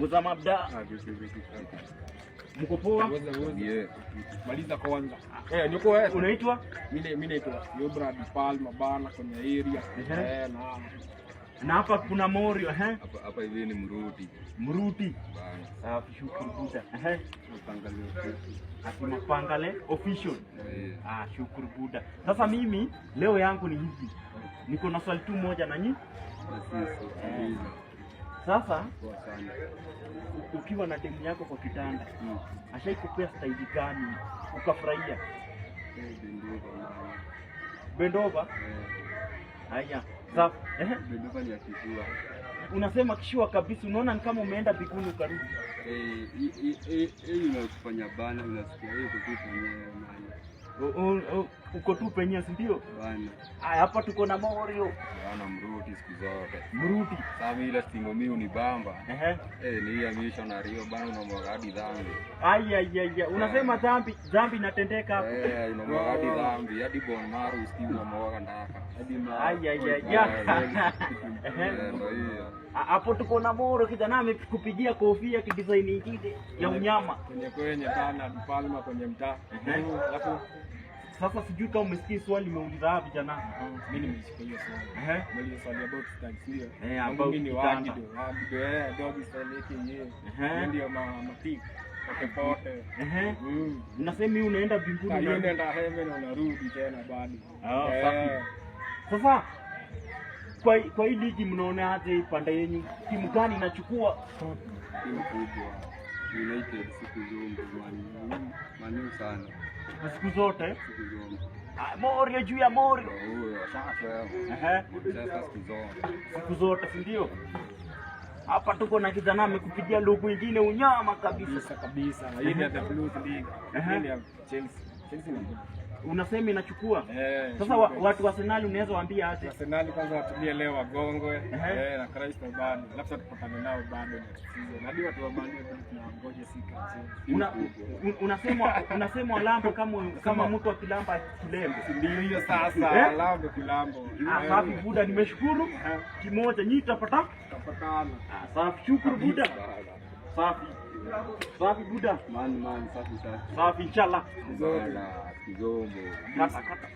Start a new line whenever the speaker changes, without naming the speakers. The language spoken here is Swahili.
Uza mabda. Ah, Mko poa?
Maliza kwanza.
Eh, niko wewe. Eh. Unaitwa?
Mimi mimi naitwa Yobra Palma bana kwenye area. Eh, na
na hapa kuna Morio eh? Hapa
hapa hivi ni mruti.
Mruti. Bana. Ah, buda. Eh. official. Ah, buda. Sasa mimi leo yangu ni hivi. Niko na swali tu moja na nyinyi. Eh. Sasa ukiwa na demu yako kwa kitanda mm. ashaikupea staili gani ukafurahia? bendova haya sawa.
Bendova ni ya kishua.
Unasema kishua kabisa, unaona ni kama umeenda biguni ukarudi.
Eh, hii inakufanya bana, unasikia hiyo kitu yenyewe
Oh, oh, oh, uko tu penye, si ndio? Haya, hapa tuko na Morio
bwana, mruti siku zote mruti. Sasa ile stingo mimi unibamba ehe, eh ni ya misho na rio bwana, unamwaga hadi dhambi.
Aya ya ya, unasema eh. dhambi dhambi inatendeka hapo
eh, unamwaga hadi dhambi, hadi bon maru usikie unamwaga ndaka
hadi. Aya ya ya, ehe, hapo tuko na moro kijana amekupigia kofia kidesign ingine ya mnyama
kwenye kwenye sana mfalme kwenye mtaa. Mhm. Alafu
sasa sijui kama umesikia swali nimeuliza hapo jana. Ah,
mimi nimesikia hiyo swali. Eh, mimi ni swali about stand ndio.
Eh, ambao mimi ni wadi do.
ndio eh, dog stand yake
yeye.
Ndio ma mapik. Eh,
mm. unasema hii unaenda mbinguni
na unaenda heaven unarudi tena bado.
Ah, safi. Eh. Sasa kwa, kwa hii ligi mnaona aje pande yenyu timu gani inachukua?
United siku zote sana
siku zote ah, Morio juu ya Morio siku zote, si ndio? Hapa tuko na kijana amekupigia lugu ingine unyama kabisa
kabisa. Hii ni ya League. Hii ni ya Chelsea
unasema inachukua eh. Sasa wa, watu wa Arsenal unaweza waambia aje?
Arsenal kwanza watulie leo wagongwe eh, -huh. eh, na Kristo bado alafu tutapatana nao bado na tatizo na ndio watu wa Mali tunangoje sika
una, unasema unasema Lambo kama kama mtu wa kilambo kilembo,
ndio hiyo sasa eh? Lambo kilambo
ah, safi buda, nimeshukuru eh. kimoja nyi tutapata tutapatana. Ah, safi, shukuru buda, safi. Safi buda.
Man man safi safi.
Safi inshallah.
Kizombo. Kata kata.